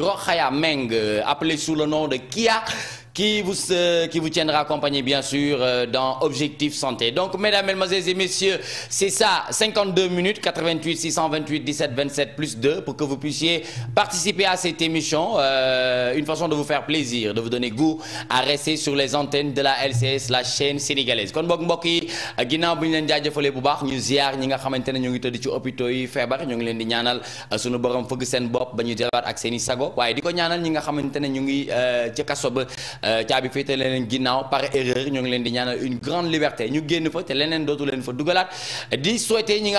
Rochaya Meng, euh, appelé sous le nom de Kia, qui vous, euh, qui vous tiendra accompagné, bien sûr, euh, dans Objectif Santé. Donc, mesdames, mesdemoiselles et messieurs, c'est ça, 52 minutes, 88, 628, 17, 27, plus 2, pour que vous puissiez participer à cette émission. Euh, une façon de vous faire plaisir, de vous donner goût à rester sur les antennes de la LCS, la chaîne sénégalaise. kon bok mbokk yi ginnaaw bu ñu leen jaajëfalee bu baax ñu ziar ñi nga xamante ne ñu ngi tëdd ci hôpitaux yi feebar ñu ngi leen di ñaanal euh, suñu borom fëgg sen bop, ba ñu ak seni sago Waye, diko ko ñaanal ñi nga xamante ñu ngi euh, ca ba euh, caabi féete leen par erreur ñu ngi une grande liberté Nous avons fa te fa souhaiter ñi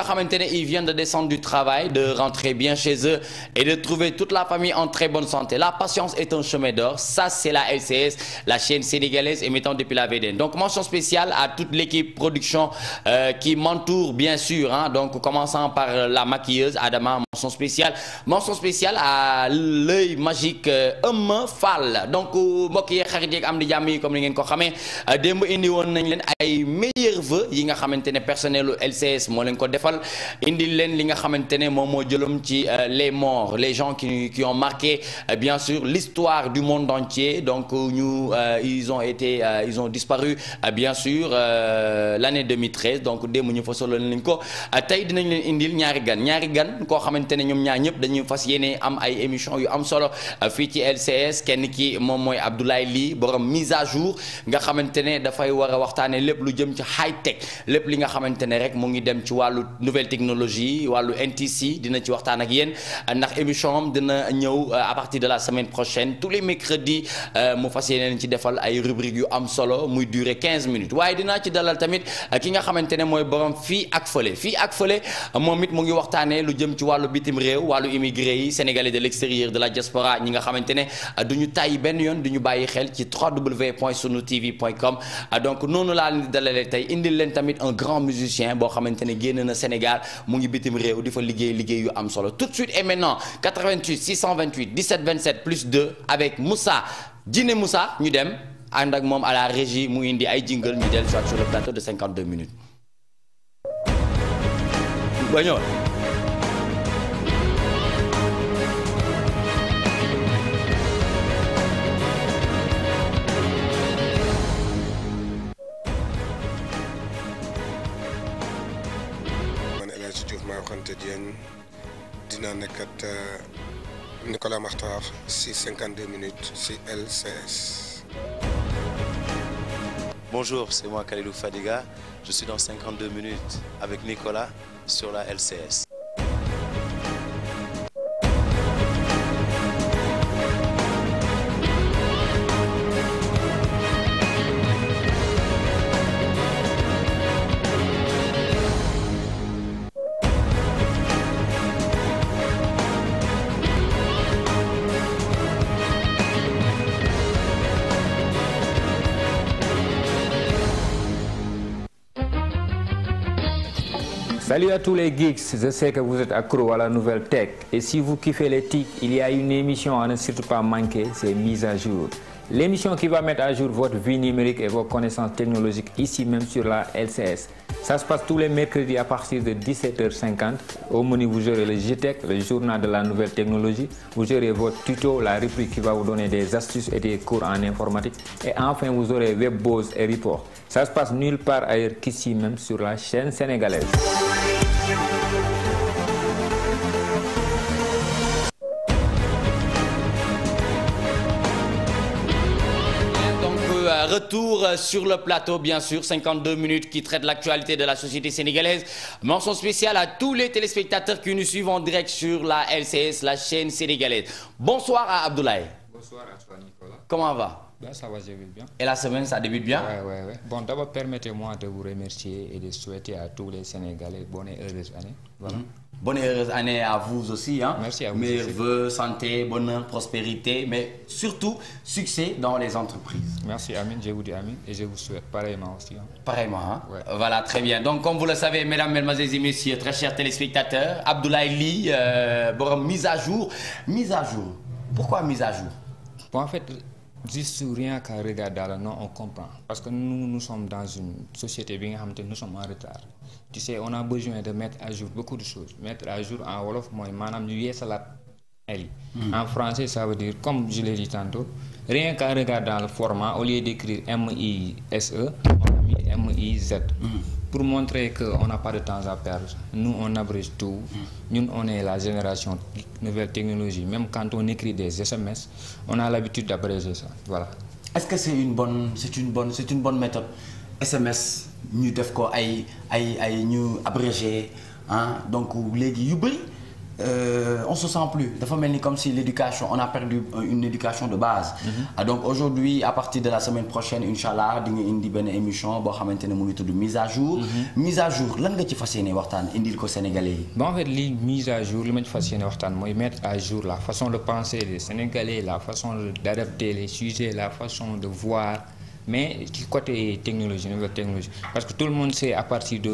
ils viennent de descendre du travail de rentrer bien chez eux et de trouver toute la famille en très bonne santé la patience est un chemin d'or ça c'est la LCS la chaîne sénégalaise émettant depuis la VDN donc mention spéciale à toute l'équipe production euh, qui m'entoure bien sûr hein. donc commençant par la maquilleuse Adama mention spéciale mention spéciale à l'œil magique euh, Eumeu Fall donc au yi xarit yeeg am di jàmm yi comme ni ngeen ko xamé euh, démb indi won nañ leen ay meilleurs vœux yi nga xamante personnel LCS mo leen ko défal indi leen li nga xamante ne moom ci euh, les morts les gens qui qui ont marqué euh, bien sûr l'histoire du monde entier donc ñu ils ont été ils ont disparu bien sûr l'année 2013 donc démb ñu solo nañ ko tay dinañ leen indi ñaari gan ñaari gan ko xamante ñom ñoom ñaar ñëpp dañuy fas am ay émission yu am solo fi ci LCS kenn ki mom moy Abdoulaye borom mise à jour nga xamantene da fay wara waxtane lepp lu jëm ci high tech lepp li nga xamantene rek mo ngi dem ci walu nouvelle technologie walu NTC dina ci waxtane ak yeen ndax émission am dina ñëw euh, à partir de la semaine prochaine tous les mercredis euh, mu fas ci defal ay rubrique yu am solo muy durer 15 minutes waye dina ci dalal tamit euh, ki nga xamantene moy fi borom fi ak mon fi ak fële momit mo ngi waxtane lu jëm ci walu bitim rew walu immigré sénégalais de l'extérieur de la diaspora ñi nga xamantene duñu tayi ben yoon duñu bayyi xel internet ci www.sunutv.com ah, donc nous nous leen di dalalee détails indil leen un grand musicien qui est venu génn na Sénégal mu ngi bitim Au di fa liggéey yu am solo tout de suite et maintenant 88 628 17 27 plus 2 avec Moussa Djiné Moussa ñu dem ak à la régie mu indi ay jingle ñu dellu soit sur le plateau de 52 minutes. bonjour Diène dina euh, Nicolas Martar si 52 minutes si LCS. Bonjour, c'est moi Khalilou Fadiga. Je suis dans 52 minutes avec Nicolas sur la LCS. Salut à tous les geeks, je sais que vous êtes accro à la nouvelle tech et si vous kiffez les tics, il y a une émission à ne surtout pas manquer, c'est Mise à jour. L'émission qui va mettre à jour votre vie numérique et vos connaissances technologiques ici même sur la LCS. Ça se passe tous les mercredis à partir de 17h50. Au menu, vous aurez le GTEC, le journal de la nouvelle technologie. Vous aurez votre tuto, la rubrique qui va vous donner des astuces et des cours en informatique. Et enfin, vous aurez WebBose et Report. Ça se passe nulle part ailleurs qu'ici même sur la chaîne sénégalaise. Donc, euh, retour sur le plateau, bien sûr, 52 minutes qui traitent l'actualité de la société sénégalaise. Mention spéciale à tous les téléspectateurs qui nous suivent en direct sur la LCS, la chaîne sénégalaise. Bonsoir à Abdoulaye. Bonsoir à toi, Nicolas. Comment va bah, ça va, bien. Et la semaine, ça débute bien Oui, oui, oui. Bon, d'abord, permettez-moi de vous remercier et de souhaiter à tous les Sénégalais bonne et heureuse année. Mhm. Bonne et heureuse année à vous aussi. Hein. Merci à vous. Mes santé, bonheur, prospérité, mais surtout succès dans les entreprises. Merci Amine, je vous dis Amine et je vous souhaite pareillement aussi. Hein. Pareillement. Hein. Voilà, très bien. Donc, comme vous le savez, mesdames, mesdemoiselles et messieurs, très chers téléspectateurs, Abdoulaye Li, euh, bon, mise à jour. Mise à jour. Pourquoi mise à jour En fait, juste rien qu'à regarder non, on comprend. Parce que nous, nous sommes dans une société, bien nous sommes en retard. Tu sais, on a besoin de mettre à jour beaucoup de choses. Mettre à jour en Wolof, moi, madame, hmm. En français, ça veut dire, comme je l'ai dit tantôt, rien qu'à regarder dans le format, au lieu d'écrire M-I-S-E, on a mis M-I-Z. Hmm pour montrer qu'on n'a pas de temps à perdre. Nous, on abrège tout. Nous, on est la génération nouvelle technologie. Même quand on écrit des SMS, on a l'habitude d'abréger ça. Voilà. Est-ce que c'est une bonne, c'est une bonne, c'est une bonne méthode SMS, nous devons abrégé. Hein? Donc, vous gens, euh, on se sent plus dafa mel comme si l'éducation on a perdu euh, une éducation de base mhm. ah, donc aujourd'hui à partir de la semaine prochaine inchallah di nga indi benn émission boo xamante ne mu ngi mise à jour mhm. mise à jour lan nga ci fas yéene waxtaan indil ko sénégalais bon en fait li mise à jour li ma ci fas yéene mettre à jour la façon de penser des sénégalais la façon d'adapter les sujets la façon de voir mais ci côté technologie nouvelle technologie parce que tout le monde sait à partir de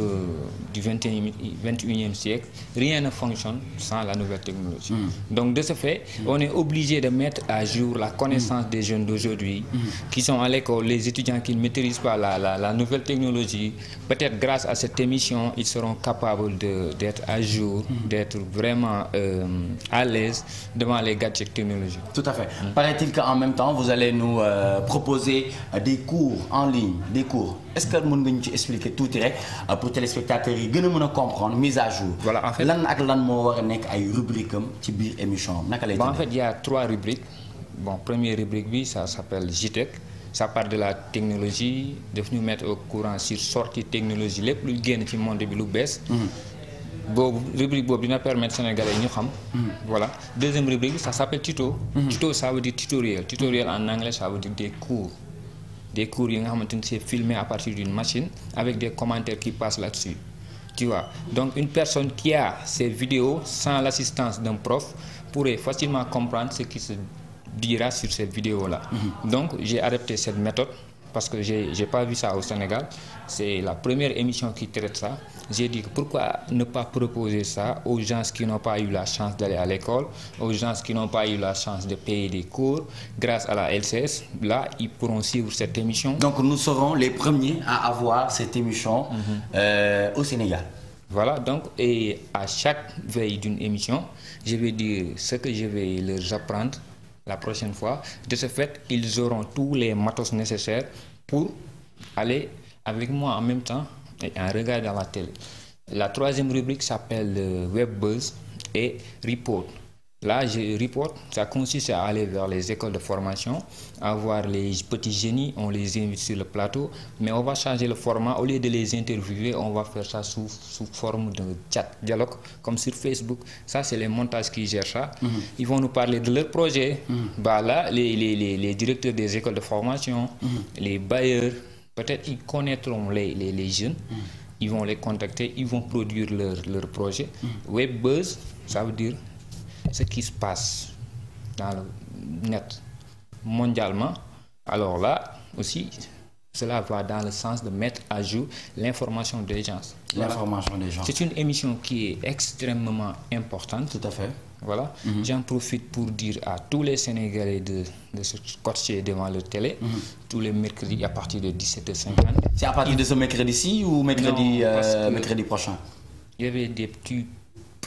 du 21e siècle rien ne fonctionne sans la nouvelle technologie hmm. donc de ce fait hmm. on est obligé de mettre à jour la connaissance hmm. des jeunes d'aujourd'hui qui sont à l'école les étudiants qui ne maîtrisent pas la, la, nouvelle technologie peut-être grâce à cette émission ils seront capables d'être à jour d'être vraiment euh, à l'aise devant les gadgets technologiques tout à fait paraît-il qu'en même temps vous allez nous euh, proposer euh, des cours en ligne des cours est-ce que le monde expliquer tout direct euh, pour téléspectateurs yi gën a comprendre mise à jour. voilà en fait lan ak lan a rubrique en fait il y a trois rubriques bon première rubrique ça s'appelle JTEC ça parle de la technologie De nous mettre au courant sur sortie technologie les plus génn ci monde bi lu La mhm. rubrique boobu dina permettre Sénégalais ñu xam. Mhm. voilà deuxième rubrique ça s'appelle tuto. Mhm. tuto ça veut dire tutoriel tutoriel en anglais ça veut dire des cours des cours c'est filmé à partir d'une machine avec des commentaires qui passent là-dessus tu vois donc une personne qui a ces vidéos sans l'assistance d'un prof pourrait facilement comprendre ce qui se dira sur ces vidéos là mm-hmm. donc j'ai adopté cette méthode parce que j'ai n'ai pas vu ça au Sénégal. C'est la première émission qui traite ça. J'ai dit pourquoi ne pas proposer ça aux gens qui n'ont pas eu la chance d'aller à l'école, aux gens qui n'ont pas eu la chance de payer des cours. Grâce à la LCS, là, ils pourront suivre cette émission. Donc nous serons les premiers à avoir cette émission mhm. euh, au Sénégal. Voilà, donc, et à chaque veille d'une émission, je vais dire ce que je vais leur apprendre la prochaine fois. De ce fait, ils auront tous les matos nécessaires pour aller avec moi en même temps et en regard dans la télé. La troisième rubrique s'appelle euh, Web Buzz et Report. Là, je reporte, ça consiste à aller vers les écoles de formation, avoir les petits génies, on les invite sur le plateau, mais on va changer le format. Au lieu de les interviewer, on va faire ça sous, forme de chat, dialogue, comme sur Facebook. Ça, c'est les montages qui gèrent ça. Mhm. Ils vont nous parler de leur projet. Mhm. Bah, là, les, directeurs des écoles de formation, mhm. les bailleurs, peut-être ils connaîtront les, jeunes ils vont les contacter, ils vont produire leur, leur projet. Web buzz, ça veut dire ce qui se passe dans le net mondialement, alors là aussi, cela va dans le sens de mettre à jour l'information des gens. L'information des gens. C'est une émission qui est extrêmement importante. Tout à fait. Voilà. Mhm. J'en profite pour dire à tous les Sénégalais de, de se scotcher devant leur télé, mhm. tous les mercredis à partir de 17h50. C'est à partir de ce mercredi-ci ou mercredi, euh, mercredi prochain Il y avait des petits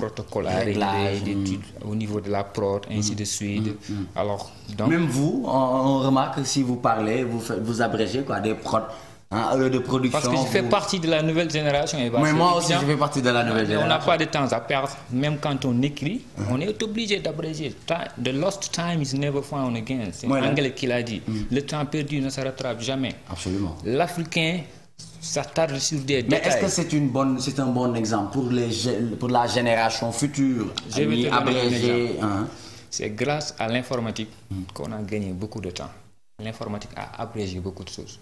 protocole à mm. au niveau de la prod, ainsi de suite. Mm, mm, Alors, Même vous, on, remarque si vous parlez, vous, vous abrégez quoi, des prods. Hein, euh, de production. Parce que je fais partie de la nouvelle génération. Et Mais moi aussi, je fais partie de la nouvelle génération. On n'a pas de temps à perdre. Même quand on écrit, hein. on est obligé d'abréger. The lost time is never found again. C'est l'anglais qui l'a dit. Le temps perdu ne se rattrape jamais. Absolument. L'Africain sur des Mais est-ce que c'est un bon exemple pour pour la génération future hein. C'est grâce à l'informatique hmm. qu'on a gagné beaucoup de temps. L'informatique a abrégé beaucoup de choses.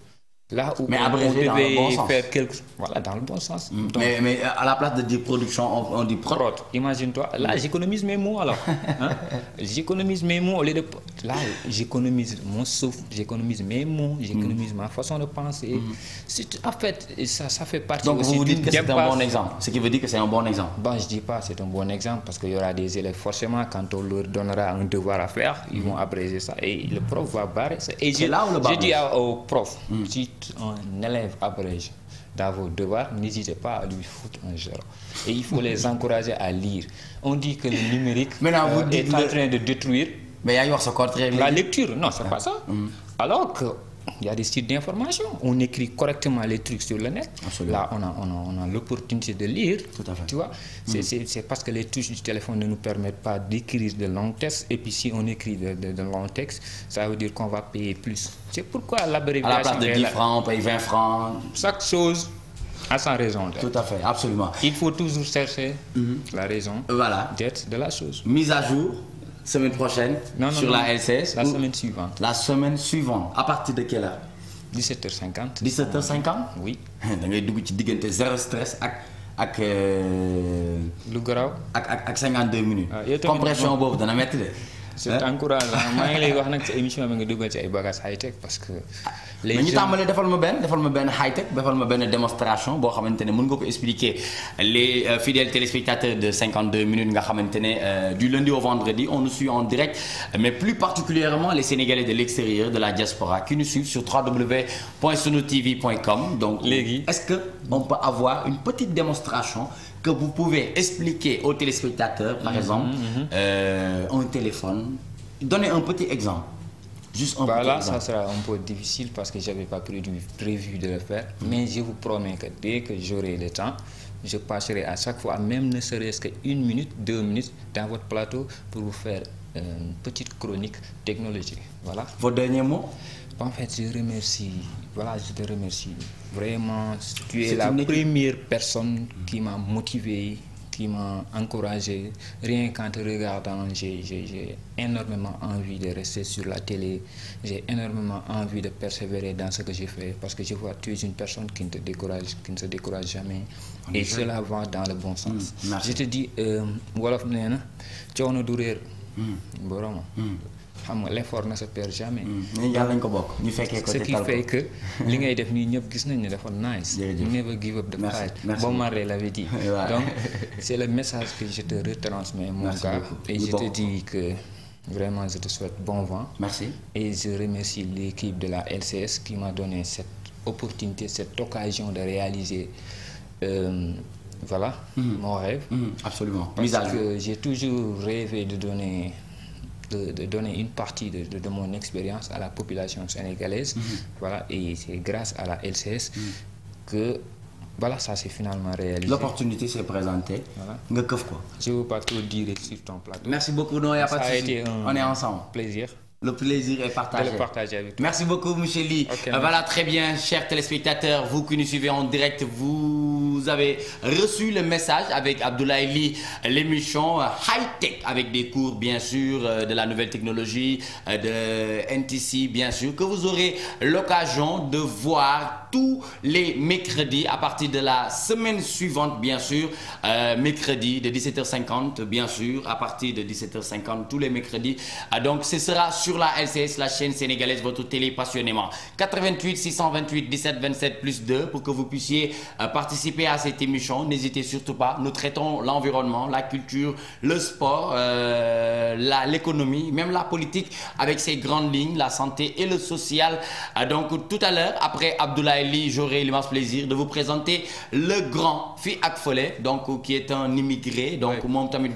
Là où mais abrégé dans le bon faire sens. quelque Voilà, dans le bon sens. Mm. mais, mais, à la place de dire production, on, dit prod. Imagine-toi, là mm. j'économise mes mots alors. Hein? j'économise mes mots au lieu de. Là j'économise mon souffle, j'économise mes mots, j'économise ma façon de penser. Mm. En fait, ça, ça fait partie Donc vous dites que c'est un bon exemple. Ce qui veut dire que c'est un bon exemple. Bon, bah, je ne dis pas c'est un bon exemple parce qu'il y aura des élèves, forcément, quand on leur donnera un devoir à faire, ils vont abréger ça et le prof va barrer c'est Et là où le je dis au prof, si un élève abrège dans vos devoirs, n'hésitez pas à lui foutre un zéro. Et il faut les encourager à lire. On dit que le numérique euh, est en train de détruire mais la lecture. Non, c'est pas ah. ça. Mm. Alors que il y a des sites d'information. On écrit correctement les trucs sur le net. Là, on a, on a, l'opportunité de lire. Tout à fait. Tu vois, mm-hmm. c'est parce que les touches du téléphone ne nous permettent pas d'écrire de longs textes. Et puis, si on écrit de, longs textes, ça veut dire qu'on va payer plus. C'est pourquoi l'abréviation. À la place de 10 francs, on paye 20 francs. Chaque chose a sa raison d'être. Tout à fait, absolument. Il faut toujours chercher mm-hmm. la raison voilà. d'être de la chose. Mise à jour semaine prochaine sur la LCS La semaine suivante. La semaine suivante. À partir de quelle heure 17h50. 17h50 Oui. da ngay que ci zéro stress avec... ak. Euh, lu 52 minutes. Ah, compression bout dana la mettre c'est encourageant maa ngi lay wax nag ci émission de nga ci high tech parce que. léegi ñu tàmbalee defal ma ben, defal ma ben high tech defal ma ben démonstration boo xamante nga expliquer les euh, fidèles téléspectateurs de 52 minutes nga xamante euh, du lundi au vendredi on nous suit en direct mais plus particulièrement les Sénégalais de l'extérieur de la diaspora qui nous suivent sur www.sonotv.com. donc est-ce que on peut avoir une petite démonstration que vous pouvez expliquer aux téléspectateurs, par mhm, exemple, mmh. téléphone. Donnez un petit exemple. Juste un petit là, ça sera un peu difficile parce que je n'avais pas prévu, de le faire. Mhm. Mais je vous promets que dès que j'aurai le temps, je passerai à chaque fois, même ne serait-ce qu'une minute, deux minutes, dans votre plateau pour vous faire euh, une petite chronique technologique. Voilà. Vos derniers mots En fait, je remercie. Voilà, je te remercie Vraiment, tu es la première personne qui m'a motivé, qui m'a encouragé. Rien qu'en te regardant, j'ai énormément envie de rester sur la télé. J'ai énormément envie de persévérer dans ce que j'ai fait parce que je vois tu es une personne qui ne te décourage, qui ne se décourage jamais. et cela va dans le bon sens. Mm, je te dis, euh, Wolof Nena, tu as un douleur. Mmh xam l'effort ne se perd jamais. ñun mm. yàlla ko bokk ñu fekkee ko ce qui fait que li ngay def nii ñëpp gis nañ ne dafa nice. jërëjëf never give up de fight. bon Bob l'avait dit. donc c'est le message que je te retransmets. mon gars et je te dis que. Vraiment, je te souhaite bon vent. Merci. Et je remercie l'équipe de la LCS qui m'a donné cette opportunité, cette occasion de réaliser euh, voilà, mm-hmm. mon rêve. Mm-hmm. Absolument. Parce que j'ai toujours rêvé de donner de, donner une partie de, de mon expérience à la population sénégalaise. Mhm. Voilà, et c'est grâce à la LCS mhm. que voilà, ça s'est finalement réalisé. L'opportunité s'est présentée. Voilà. Je vous veux pas trop dire sur ton plateau. Merci beaucoup. Non, il a On est ensemble. Plaisir. Le plaisir est partagé. Merci beaucoup, michel Okay, voilà, très bien, chers téléspectateurs, vous qui nous suivez en direct, vous vous avez reçu le message avec Abdoulaye les l'émission euh, high-tech avec des cours bien sûr euh, de la nouvelle technologie, euh, de NTC bien sûr, que vous aurez l'occasion de voir tous les mercredis à partir de la semaine suivante, bien sûr. Euh, mercredi de 17h50, bien sûr, à partir de 17h50, tous les mercredis. Euh, donc, ce sera sur la LCS, la chaîne sénégalaise, votre télé passionnément. 88 628 17 27 plus 2 pour que vous puissiez euh, participer à cette émission. N'hésitez surtout pas. Nous traitons l'environnement, la culture, le sport, l'économie, même la politique avec ses grandes lignes, la santé et le social. donc, tout à l'heure, après Abdoulaye j'aurai l'immense plaisir de vous présenter le grand Fi Akfolé, donc qui est un immigré. Donc, mon tamit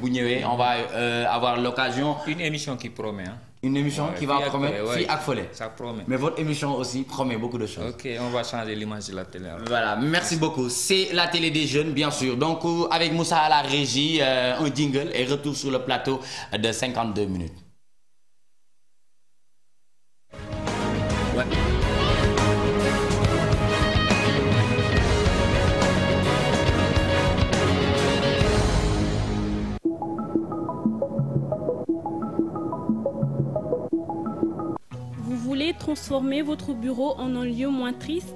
on va euh, avoir l'occasion. Une émission qui promet. Hein. Une émission qui va promettre, Fi Ça promet. Mais votre émission aussi promet beaucoup de choses. Ok, on va changer l'image de la télé. Voilà, merci, beaucoup. C'est la télé des jeunes, bien sûr. Donc, euh, avec Moussa à la régie, euh, un jingle et retour sur le plateau de 52 minutes. transformer votre bureau en un lieu moins triste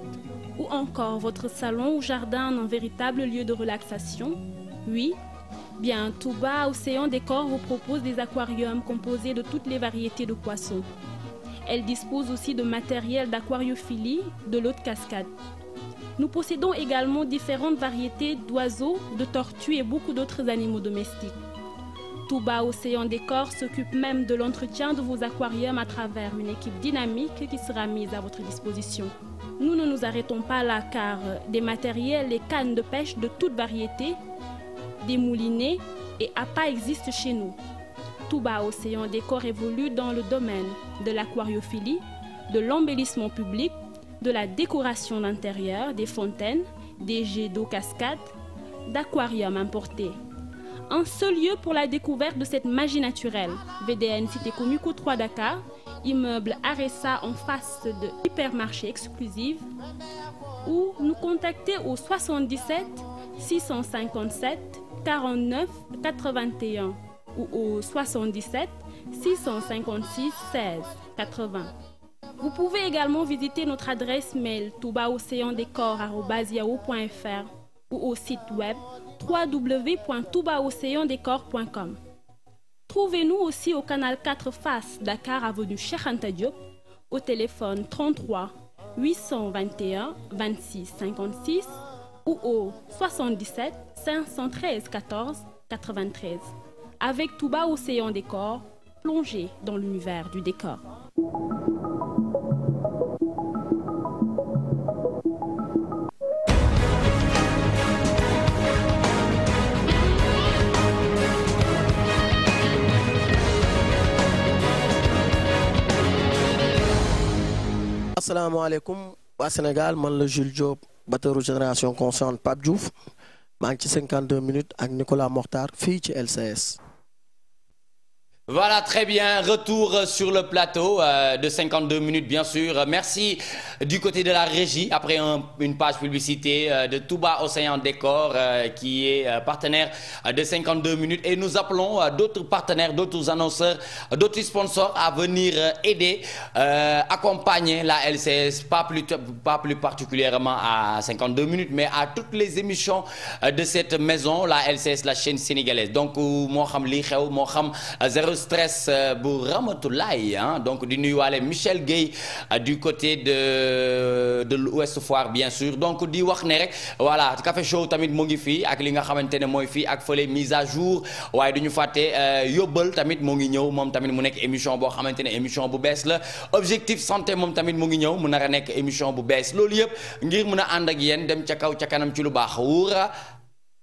ou encore votre salon ou jardin en un véritable lieu de relaxation Oui Bien, Touba Océan Décor vous propose des aquariums composés de toutes les variétés de poissons. Elle dispose aussi de matériel d'aquariophilie, de l'eau de cascade. Nous possédons également différentes variétés d'oiseaux, de tortues et beaucoup d'autres animaux domestiques. Touba Océan Décor s'occupe même de l'entretien de vos aquariums à travers une équipe dynamique qui sera mise à votre disposition. Nous ne nous arrêtons pas là car euh, des matériels et cannes de pêche de toute variété, des moulinets et appâts existent chez nous. Touba Océan Décor évolue dans le domaine de l'aquariophilie, de l'embellissement public, de la décoration d'intérieur, des fontaines, des jets d'eau cascade, d'aquariums importés un seul lieu pour la découverte de cette magie naturelle. VDN Cité Comico 3 Dakar, immeuble Aressa en face de hypermarché exclusive, ou nous contacter au 77 657 49 81 ou au 77 656 16 80. Vous pouvez également visiter notre adresse mail toubaocéandécor.fr ou au site web www.toubaocéandécor.com. Trouvez-nous aussi au canal 4 Face, Dakar avenue Cheikh Anta Diop, au téléphone 33 821 26 56 ou au 77 513 14 93. Avec Touba Océan Décor, plongez dans l'univers du décor. Assalamu alaikum, au Sénégal man le Jules Diop de génération consciente Pape Diouf Je 52 minutes avec Nicolas Mortar, fille LCS. Voilà, très bien. Retour sur le plateau euh, de 52 minutes, bien sûr. Merci du côté de la régie, après une page publicité de euh, de Touba Océan Décor, euh, qui est partenaire de 52 minutes. Et nous appelons d'autres partenaires, d'autres annonceurs, d'autres sponsors à venir aider, accompagner la LCS, pas plus, pas plus particulièrement à 52 minutes, mais à toutes les émissions de cette maison, la LCS, la chaîne sénégalaise. Donc, Moham ou Moham 0 stress pour euh, Ramatoulaye hein donc di nuyuwaale Michel Gay euh, du côté de de l'Ouest Foire bien sûr donc du wax voilà café show tamit mu ngi fii ak li nga xamante ne mise à jour Ouais, du ñu euh, Yobol Tamid tamit mu ngi ñëw moom tamit mu émission Bo xamante émission bu bees objectif santé Mom Tamid mu ngi ñëw mu émission bu bees loolu ngir mën Andagien, ak dem kaw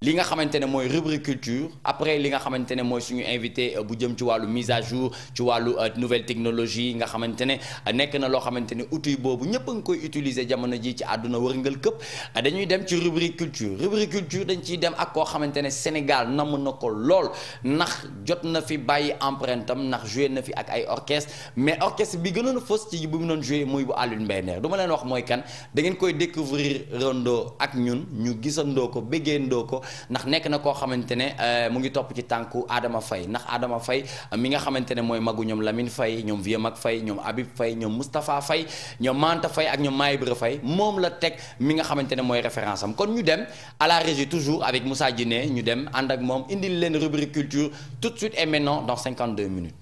li nga xamantene moy rubrique culture après li nga xamantene moy suñu invité euh, bu jëm ci walu mise à jour ci walu euh, nouvelle technologie nga xamantene euh, nek na lo xamantene outil bobu ñepp a ngi koy utiliser jamono ji ci aduna wërngal këpp dañuy dem ci rubrique culture rubrique culture dañ ci dem ak ko xamantene Sénégal nam nako lol nax ndax jot na fi bàyyi empreinte am ndax joué na fi ak ay orchestre mais orchestre bi gënoon fës ci bu mu non jouer moy bu Alioune Mbaye duma len wax moy kan da ngeen koy découvrir rondo ak ñun ñu gisandoo ko ko ndax un na ko euh, mu ngi ci Adama Faye Adama Faye mi nga Faye Faye Manta Faye ak Faye la tek mi nga xamantene référence am kon ñu à la régie toujours avec Moussa Nous ñu dem and ak y indi leen rubrique culture tout de suite et maintenant dans 52 minutes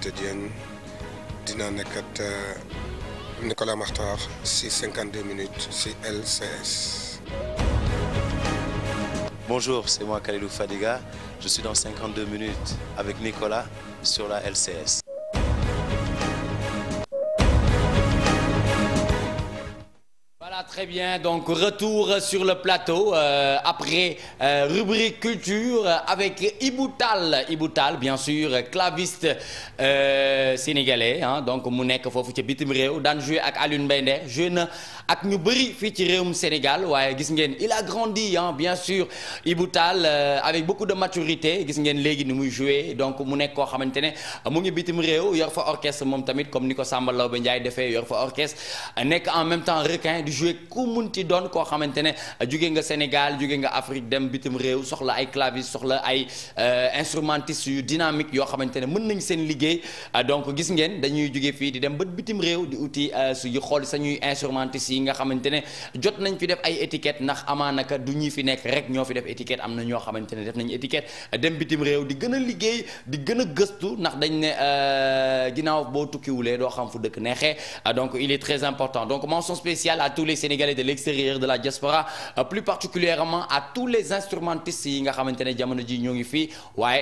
jëflante dina yéen euh, Nicolas Martor, si 52 minutes c'est LCS. Bonjour, c'est moi Kalilou Fadiga. Je suis dans 52 minutes avec Nicolas sur la LCS. Très bien, donc retour sur le plateau euh, après euh, rubrique culture avec Iboutal Iboutal bien sûr claviste euh, sénégalais hein. donc Mounek nekk foofu dans bitim jeu le jeu avec jeune ak ñu bari fi ci réewum Sénégal waye gis ngeen il a grandi hein bien sûr Iboutal euh, avec beaucoup de maturité gis ngeen légui ni muy jouer donc mu nekk ko xamantene ne mu ngi bitim réew yor fa orchestre mom tamit comme Nico ko Samba Laobé Ndiaye defee yor fa orchestre nekk en même temps requin du jouer ku mun ci donne koo xamante ne nga Sénégal jóge nga Afrique dem bitim réew soxla ay clavis soxla ay euh, instrumentiste yu dynamique yo xamantene ne mën nañ seen liggéey euh, donc gis ngeen dañuy jóge fi di dem ba bitim réew di uti su xool sañuy instrumentiste yi nga xamante ne jot nañ fi def ay étiquette ndax amaanaka du ñuy fi nekk rek ñoo fi def étiquette am na ñoo xamante ne def a liggéey di gën a euh, doo xam fu dëkk neexee euh, donc il est très important donc mention spéciale à tous les Sénégalais euh, yi nga xamante ne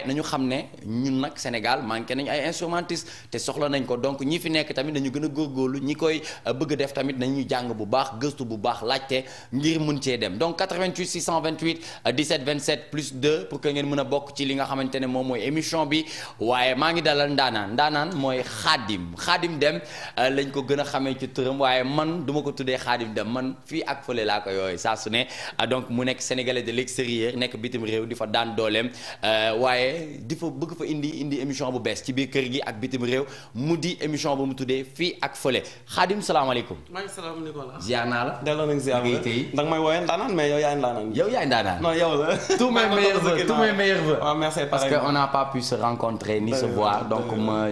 nañu xam ne ñun nag Sénégal manqué nañu ay instrumentistes te soxla nañ ko donc ñi fi nekk tamit a góorgóorlu ñi koy bëgg def tamit nañu jàng bu bu baax gëstu bu baax laajte ngir mun cee dem donc 88 628 17 27 plus 2 pour que ngeen mën bok bokk ci li nga xamante ne moom émission bi waaye maa ngi dalal ndaanaan ndaanaan khadim, xaadim dem euh, lañ ko gën a xamee ci turam waaye man du ko tuddee khadim dem man fi ak fële laa ko yoy sa su ne euh, donc mu nekk sénégalais de l'extérieur nek bitim réew di fa daan dolem. Euh, waaye di fa bëgg fa indi indi émission bu bees ci biir kër gi ak bitim réew mu di émission bu mu tuddee fii ak fële xaadim salaamaaleykum. maaleykum salaam Nicolas ziar naa la. delloo nañ ziar la dang may woowee ndaanaan mais yow yaay ndaanaan. yow yaay ndaanaan. non yow la. tous mes meilleurs vœux tous mes meilleurs vœux. waaw merci parce que on n'a pas pu se rencontrer ni ben se voir donc ma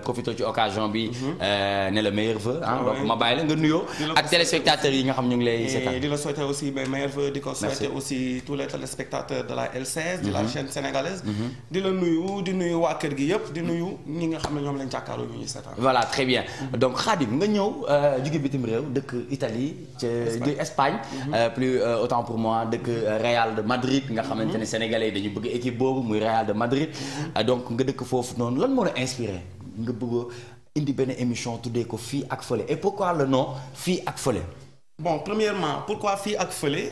profiter ci occasion bi. Mhm. euh né le meilleur vœu hein. ah donc ma bàyyi la nga nuyo ak téléspectateurs yi nga xam ñu ngi lay seetaan. di la souhaiter aussi mes meilleurs vœux di ko souhaiter aussi tous les téléspectateurs de la L16. de la mhm. chaîne sénégalaise. Mhm. di la nuyu di nuyu wa kër gi yépp di nuyu ñi nga xam ne ñoom lañ jàkkaarloo ñu ñuy seetaan. voilà très bien donc Khadim nga ñëw euh, jóge bitim réew dëkk Italie de Espagne mhm. euh, plus euh, autant pour moi que euh, Real de Madrid nga xamantene mhm. sénégalais dañu bëgg équipe bobu Real de Madrid mhm. donc nga dëkk fofu non, lan mo la inspiré nga bëgg indi émission tuddé ko fi ak feulé et pourquoi le nom Fille ak feulé? bon premièrement pourquoi Fille ak feulé?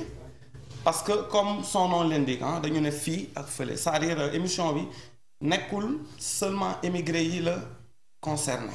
parce que comme son nom l'indique hein, dañu né fi ak c'est-à-dire émission bi nekkul seulement émigré yi la concerné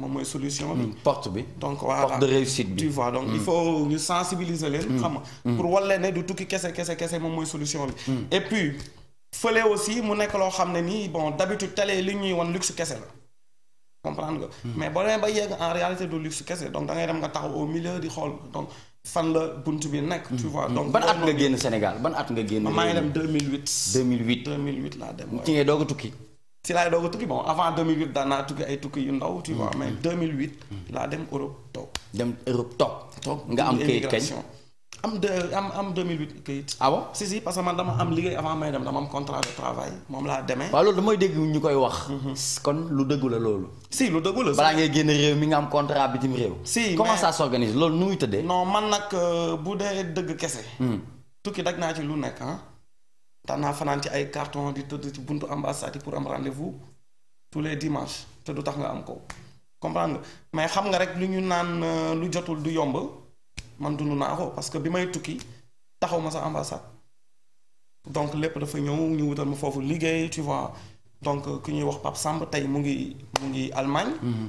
moom mooy solution bi. Mm, porte bi donc voilà porte de réussite tu vois donc il faut nous sensibiliser les mm, xam mm. pour walla né du qu'est-ce qu'est-ce qu'est-ce moom moi solution bi. et puis fële aussi mu nek lo xamné ni bon d'habitude télé li ñuy won luxe kese la. comprendre nga mais boo ba yegg en réalité du luxe kese donc da ngay dem nga taxaw au milieu di xol donc fan la buntu bi nek tu vois donc ban at nga génn Sénégal ban at nga génn. maa ngi dem 2008. 2008 2008 la dem. ci ngay doog tukki si la doog a tukki bon avant 2008 daan tout tukki tout tukki you ndaw tu vois mais 2008. la dem Europe top dem Europe top top nga am kay kay am de am am 2008 kayit. ah bon si si parce que man dama am liggéey avant may dem dama am contrat de travail mom la demé wa lolou damay dégg ñu koy wax. Mhm. kon lu dëggu la lolou si lu dëggu la. balaa ngay génn réew mi nga am contrat bitim réew. si comment ça s'organise lolou nu muy non man nak euh, bu deug kessé tout hmm. tukki daj naa ci lu nek hein ah daan naa fanaan ay carton di tëdd ci buntu ambassade pour am rendez-vous tous les dimanches te du tax nga am ko comprendre nga mais xam nga rek lu ñu naan euh, lu jotul du yomb man dund naa ko parce que bi may tukki taxaw ma sa ambassade donc lepp dafa ñew ñu wutal ma fofu liggéey tu vois donc euh, ki ñuy wax pap Samb tay mu ngi mu ngi Allemagne. Mm-hmm.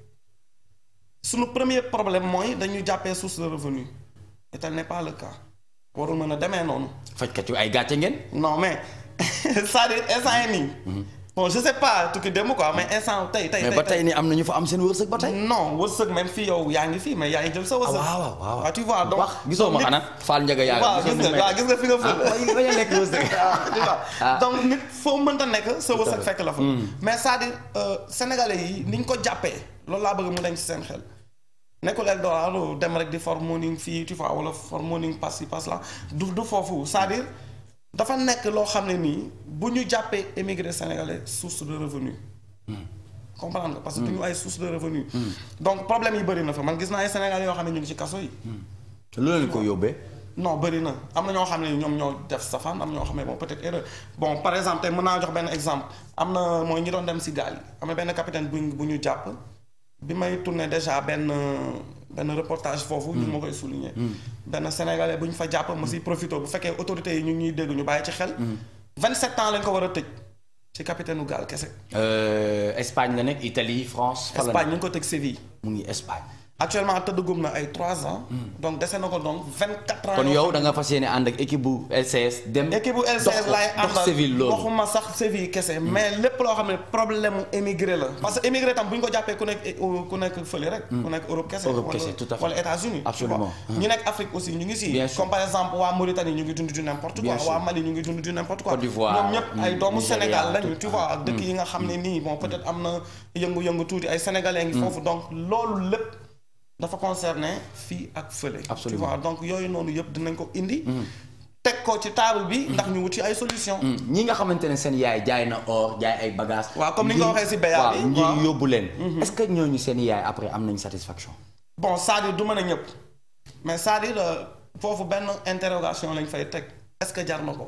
suñu premier problème mooy dañu jàppee source de revenu et tel n'est pas le cas warul mën a demee noonu. fajkat yu ay gàcce ngeen. non mais c'est-à-dire instant yi nii. Mhm. bon je sais pas tukki démb quoi mais instant tey tey mais ba tey nii am na ñu fa am seen wërsëg ba tey. non wërsëg même fii yow yaa ngi fii mais yaa ngi jël sa wërsëg. Ah, waaw waaw waaw ah, tu vois donc. gisoo ma xanaa Fall Ndiaga yaa waaw gis nga waaw nga fi nga fël. ah a nekk wërsëg. Ah, donc nit foo mënta nekk sa wërsëg mm. euh, yi niñ ko jàppee. loolu la bëgg mu dañ ci seen xel nekkul Eldorado dem rek di for morning fi tu vois wala for morning pass ci pass la du du fofu c'est-à-dire dafa nekk loo xam ne nii bu ñu émigré sénégalais source de revenu hmm. comprendre parce que hmm. du ñu ay source de revenu hmm. donc problème yi bëri na fa man gis naa ay sénégalais yoo xam ne ñu ngi ci kaso yi lu leen ko yóbbee non bëri na am na ñoo xam ne ñoom ñoo def safan am ñoo xam ne bon peut-être erreur bon par exemple tey mën naa jox benn exemple am na mooy ñi doon dem si gaal yi am na benn capitaine bu bu ñu jàpp bi may tourné déjà benn benn reportage foofu. ñu je hmm. koy souligner. Hmm. benn sénégalais bu ñu fa jàpp ma si hmm. profité bu fekkee que l'autorité ñu ñuy dégg ñu bàyyi ci xel. 27 ans lañ ko war a tëj. ci capitaine u gaal euh, Espagne la nekk Italie France. Espagne ñu ngi ko tëj Séville. mu ngi Espagne. actuellement tëddugum na ay 3 ans. donc dese na ko donc 24 ans. kon yow da nga fas yéene ànd ak équipe bu LCS. dem équipe bu LCS laay àndal Séville loolu waxuma sax kese. mais hmm. lépp loo xam ne problème mu émigré la. parce que émigré tam bu ñu ko jàppee ku nekk ku nekk fële rek. Hmm. ku hmm. ngi si. bien sûr ngi dund du n'importe quoi. waa Mali ñu ngi dund du n'importe quoi. Côte d'Ivoire ay doomu Sénégal lañu tu vois dëkk yi nga xam ne nii bon peut-être am na yëngu-yëngu tuuti ay sénégalais ngi foofu donc loolu lépp dafa concerner fi ak feulé tu vois donc yoy noonu yëpp dinañ ko indi. Mm-hmm. tek ko ci table bi. ndax ñu wuti ay solution mm-hmm. ñi nga xamantene sen yaay jaay na or jaay ay bagages. wa comme ni nga ko ci si béyaat bi waaw yóbbu mm-hmm. est-ce que ñoñu sen yaay après am nañ satisfaction. bon ça à dire du mën mais ça à dire euh, fofu ben interrogation lañ fay tek est-ce que jar na ko.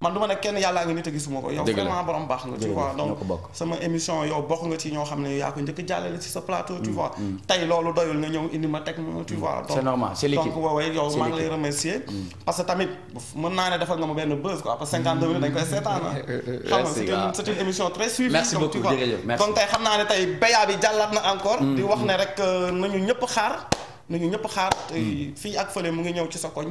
man du ne kenn yàllaa ngi nit a gisuma ko yow vraiment borom baax nga tu vois donc sama émission yow bokk nga ci ñoo xam ne yaa ko njëkk jàllale ci sa plateau tu mm, vois mm. tey loolu doyul nga ñëw indi ma teg ma tu mm. vois donc c'est woowee yow maa lay remercier parce tamit mën naa ne defal nga ma benn buzz quoi parce que cinquante deux minutes dañ ah. euh, euh, nga c'est une émission très donc tey xam naa ne tey béyaa bi jàllaat na encore di wax ne rek euh, nañu ñëpp xaar nañu ñëpp xaar fii ak fële mu ngi ñëw ci sa koñ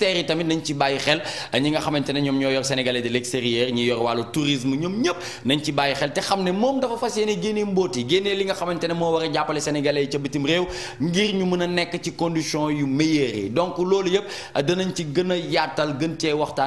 ministères yi tamit nañ ci bàyyi xel ñi nga xamante ne ñoom yor sénégalais de l'extérieur ñi yor wàllu tourisme ñoom ñëpp nañ ci bàyyi xel te xam mom moom dafa fas yéene génnee mbóoti li nga xamante ne moo war sénégalais yi ca bitim réew ngir ñu mën nekk ci condition yu meilleures donc loolu yëpp danañ ci gën yaatal gën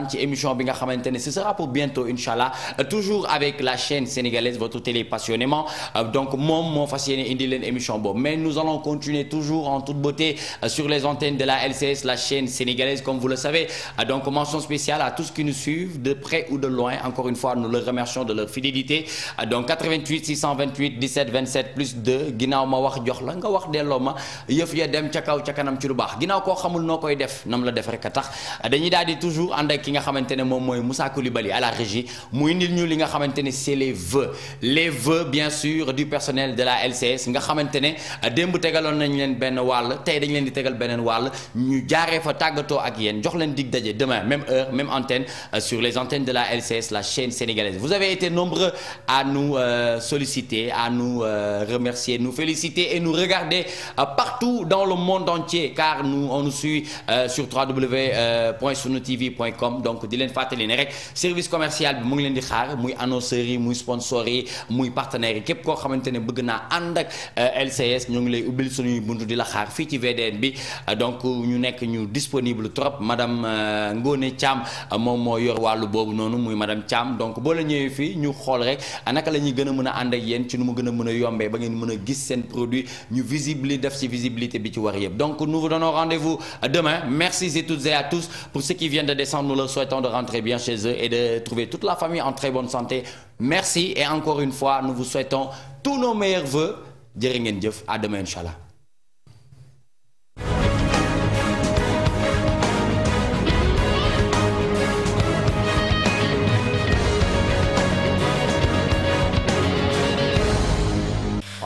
ci émission bi nga xamante ce sera pour bientôt inshallah. toujours avec la chaîne sénégalaise votre télé passionnément donc mom moo fas indi émission boobu mais nous allons continuer toujours en toute beauté sur les antennes de la LCS la chaîne sénégalaise comme vous le savez. Donc, mention spéciale à tous qui nous suivent, de près ou de loin. Encore une fois, nous les remercions de leur fidélité. Donc, 88 628 17 27 plus 2. ginnaaw ma wax jox la nga wax delloo ma yëf ya dem ca kaw ca kanam ci lu baax ginnaaw xamul noo def nam la def rek tax dañuy daal toujours ànd ak ki nga xamante ne moom Moussa Koulibaly à la régie muy nit ñu li nga c'est les vœux les vœux bien sûr du personnel de la LCS nga xamante ne démb tegaloon nañ leen benn wàll dañ leen di tegal beneen wàll ñu jaaree fa tàggatoo ak yen jox len dig dajé demain même heure même antenne euh, sur les antennes de la LCS la chaîne sénégalaise vous avez été nombreux à nous euh, solliciter à nous euh, remercier nous féliciter et nous regarder partout dans le monde entier car nous on nous suit sur www.sunotv.com, donc di leen rek service commercial bi mu ngi leen di xaar muy annonceurs yi muy sponsors yi muy partenaires yi képp koo bëgg LCS ñu ngi lay ubbil suñuy buntu di la xaar fi ci VDN bi donc ñu nekk ñu disponible madame euh, Ngone cham euh, mom mo yor walu bobu noonu muy madame Cham, donc bo la ñëwé fi ñu xol rek naka la gëna mëna and ak yeen ci nu mu ba ngeen mëna gis sen produit ñu visible def ci visibilité bi ci war yeb donc nous vous donnons rendez-vous demain merci à toutes et à tous pour ceux qui viennent de descendre nous leur souhaitons de rentrer bien chez eux et de trouver toute la famille en très bonne santé merci et encore une fois nous vous souhaitons tous nos meilleurs vœux jërë ngeen à demain inchallah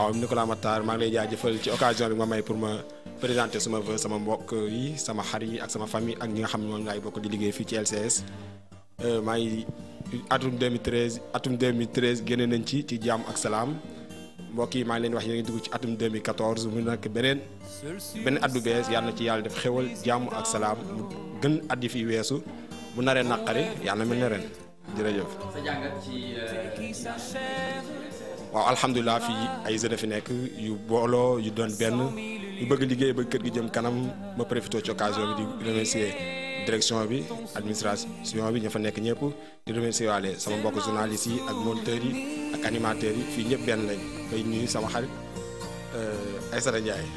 waaw Nicolas Matar ma ngi lay jaajëfal ci occasion bi ma may pour ma présenter sama vœu sama mbokk yi sama xari ak sama famille ak ñi nga xam ne moom bokk di liggéey fi ci LCS euh, maa ngi atum 2013 atum 2013 génne nañ ci ci jàmm ak salam mbokk yi ma ngi leen wax yéen dugg ci atum 2014 mu nak benen beneen addu bes yalla ci yalla def xewal jàmm ak salam mu gën addi fi wessu bu naré nakari yalla mi naré ren jërëjëf. sa jangat ci. waaw alhamdulilah fii ay jeunes fi nekk yu booloo yu doon benn yu bëgg liggéey ba kër gi jëm kanam ma profité ci occasion bi di remercier direction bi administration bi ña fa nekk ñëpp di remercier waale sama mbokk journalistes yi ak moniteurs yi ak animateurs yi fii ñëpp benn lañ koy nuyu sama xarit euh, Aïssata Ndiaye